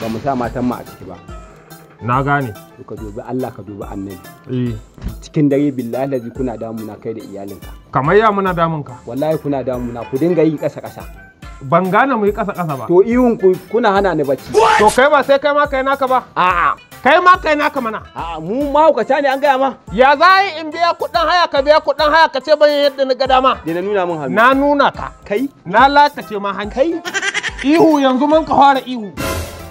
ba mu sa matan mu a ciki ba na gane to ka dubi Allah ka dubi annabi eh cikin dare billahi lazi kuna damuna kai da iyalinka kamar ya muna ka. wallahi kuna damuna ku dinga yi kasa kasa ban gane mu yi kasa kasa ba to ihun ku kuna hana ni bacci to kai ba sai kai ma kai naka ba a'a kai ma kai naka mana a'a mu ma ka ne an gaya ma ya za in biya kuɗin haya ka biya kuɗin haya ka ce ban yadda na ga dama da na nuna min hannu na nuna ka kai na latace ma hanci kai ihu yanzu mun ka fara ihu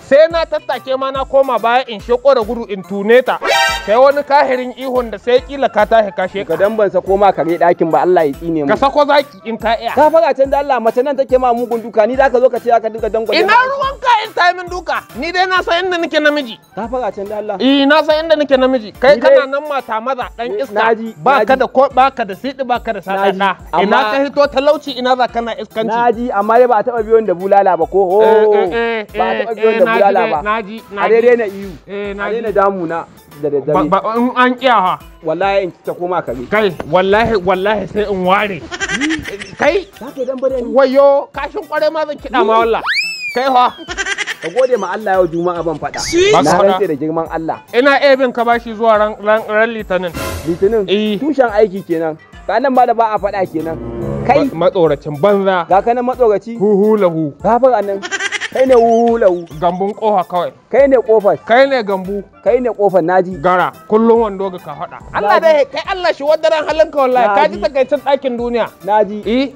sai na tattake ma na koma baya in sheko da gudu in tune ta kai wani kahirin ihun da sai kila ka tashi ka sheka dan ban sako ma kare dakin ba Allah ya tsine mu ka sako zaki in ka iya ka faga can da Allah mace nan take ma mugun duka ni zaka zo ka ce aka dinga dangwa ina ruwan ka in ta min duka ni dai na san inda nake namiji ka faga can da Allah eh na san inda nake namiji kai kana nan mata maza dan iska ba ka da ko ba ka da sidi ba ka da sadana ina ka hito talauci ina za kana iskanci naji amma dai ba a taba biyon da bulala ba ko eh, eh, ba a taba eh, biyon da bulala ba naji naji na iyu eh na damuna da da in an kiyawa wallahi in ta koma kare kai wallahi wallahi sai in ware kai wayo kashin kware ma zan kiɗa ma wallah kai fa ka gode ma Allah yau juma'a ban faɗa na rantse da girman Allah ina ebin ka bashi zuwa ran ran litinin litinin eh. tushen aiki kenan kanan ba da ba a faɗa kenan kai matsoracin banza ga ka kanan matsoraci huhu lahu gafara nan Kai ne wulawu Gambun kofa kawai. Kai ne kofa Kai ne gambu. Kai ne kofa naji. Gara kullum wando ga ka faɗa. Allah dai kai Allah shi wadaran ka wallahi ka ji takaicin ɗakin duniya. Naji. Eh.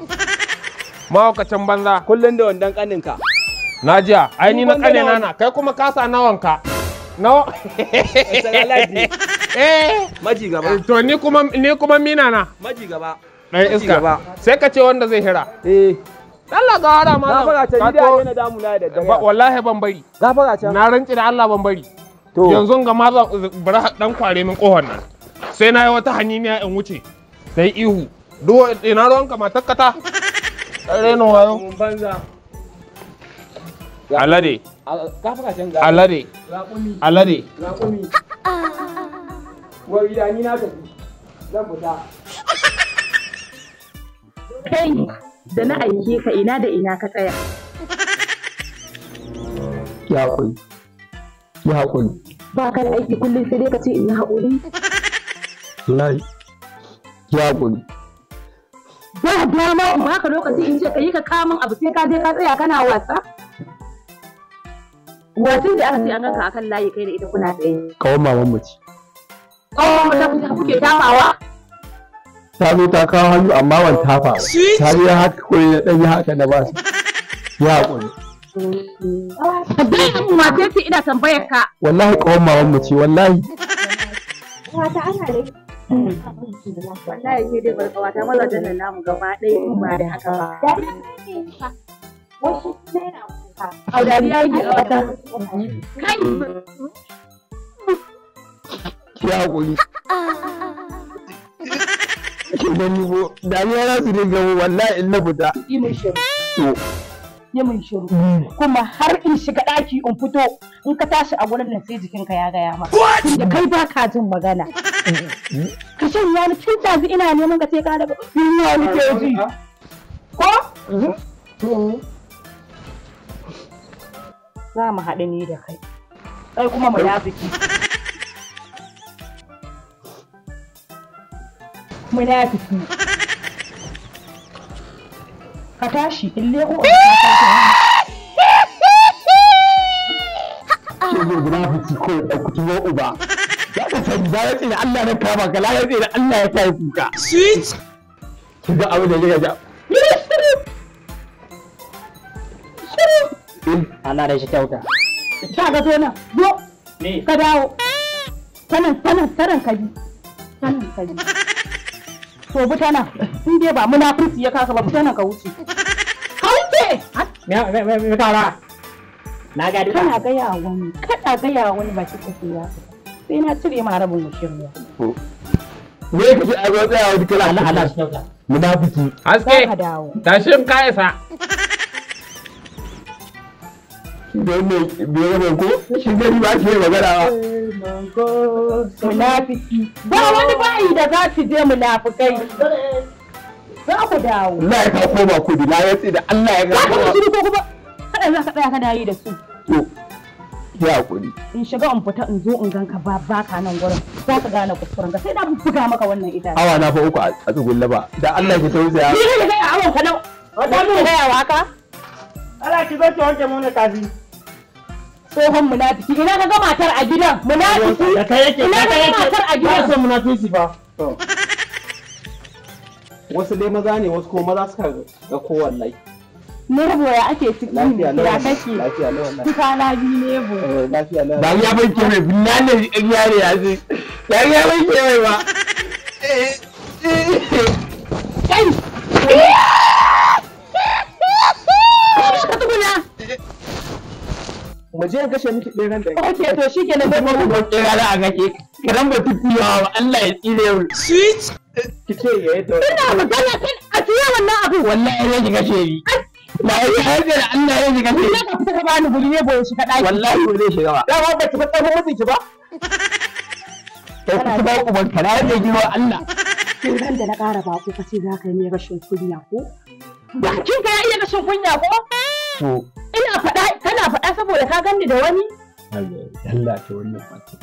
Mahaukacin banza. Kullum da kanin ƙaninka. Najiya, ai ni na kane nana, kai kuma kasa nawanka. No. Eh. Maji gaba. Eh, to ni kuma ni kuma mina na. Maji gaba. Ɗan iska. Sai ka ce wanda zai hira. Eh. Allah ga hara ma. na da Wallahi ban bari. Gafara Na rantsi da Allah ban bari. To ga ma dan kware min kohon nan. Sai na yi wata haniniya in wuce. Sai ihu. Do ina ruwan ka Reno wayo. Alade. Alade. Raƙumi. Raƙumi. da na aike ka ina da ina ka tsaya. Ki haƙuri. Ya haƙuri. Ba ka da aiki kullum sai dai ka ce in yi haƙuri. Lai. ya haƙuri. Ba dama in baka lokaci in ce ka yi ka kamun abu sai ka je ka tsaya kana wasa. Wasu da aka ce an ganka akan layi kai da ita kuna tsaye. Kawon maman mace. Kawon mace kuke damawa. ta zo ta kawo hannu amma wani tafa ta je haka kuri na ɗan yi haka na ba su ya haƙuri. Abdullahi mu mace ce ina tambayar ka. Wallahi ƙawon mawan mu ce wallahi. Wata ana ne. Wallahi ke dai barkawa ta mazajen nan namu gaba ɗaya in ba da haka ba. Wasu na kuka. Audari ya yi da wata. Kai. Ya haƙuri. kake gani ko da ni za su dinga mu wallahi in na fita yi mun shiru to yi mun shiru kuma har in shiga daki in fito in ka tashi a gurin nan sai jikinka ya gaya ma da kai ba ka jin magana ka ya ni tun tazi ina neman ka sai ka daga yin ya ni ke ji ko mhm. za mu haɗu ni da kai kai kuma mu ya biki munafiki ka tashi in leko ka ko uba ya ka sani da ya tsira Allah na kama ka ya tsira Allah ya kuka switch ki ga da ya Allah da shi ga nan zo ka dawo ka to buta nan in dai ba munafurci ya kasa ba buta nan ka wuce kauce me fara na ga duka kana gaya wa wani kada gaya wa wani ba ki tafiya sai na cire ma rabin mushirwa me kake a zo tsaya wani kala Allah Allah munafiki haske tashin ka isa don ne biyar da ko shi gari ba shi magana ba munafiki ba wani bayi da za su je munafikai za ku dawo na ya kako ba ku na ya tsi da Allah ya gaba ba ku ko kuma kada za ka tsaya kana yi da su to ya hakuri in shiga in fita in zo in ganka ba baka nan gurin za ka gane kuskuren ka sai na buga maka wannan ita awa na fa uku a tsugulla ba da Allah ya tausaya ni ne ga awon ka nan wata mu ga yawa ka Allah ki zo ki wanke mu na tafi tsohon munafiki ina ka ga matar a gidan munafiki ina ka ga matar a gidan san munafiki fa wasu dai maza ne wasu kuma maza suka ga lai nervo ya ake ciki ya kake kuka labi ne Ba ya banke mai binna ne yare ya ce. Ya ya mai ba. Eh, kashe miki ɗeran da ok to shi ke na zai mamu don ɗera za a ba tuku Allah ya tsire yau switch ki yi ina magana kan a tsira wannan abu wallahi ya shiga sheri ba ya shiga da Allah ya shiga sheri ka fita ka bani guri ne ba ya shiga ɗaki wallahi ba zai shiga ba dama ba ki ba tsamo mutum ki ba kai kuma uban kana da girma Allah kin da na ƙara ba ku kashe za ka yi ne rashin kunya ko ba kin ka iya rashin kunya ko ina faɗa kana faɗa saboda ka gani da wani? Allah ta wannan fata.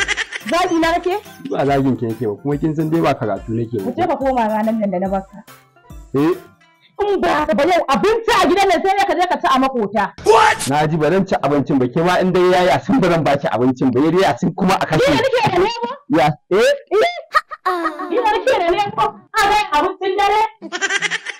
Zagi na kake? Ba zagin ke nake ba kuma kin san dai ba karatu nake ba. Ku ka koma ranar nan da na baka. Eh? In ba ka ba yau abinci a gidan nan sai ka je ka ci a makota. Na ji ba ci abincin ba ke ma in dai yayi asin ba zan ba ci abincin ba yayi asin kuma a kashe. Ni nake da ne ba? Ya eh? eh Ni nake da ne ko? A abincin dare?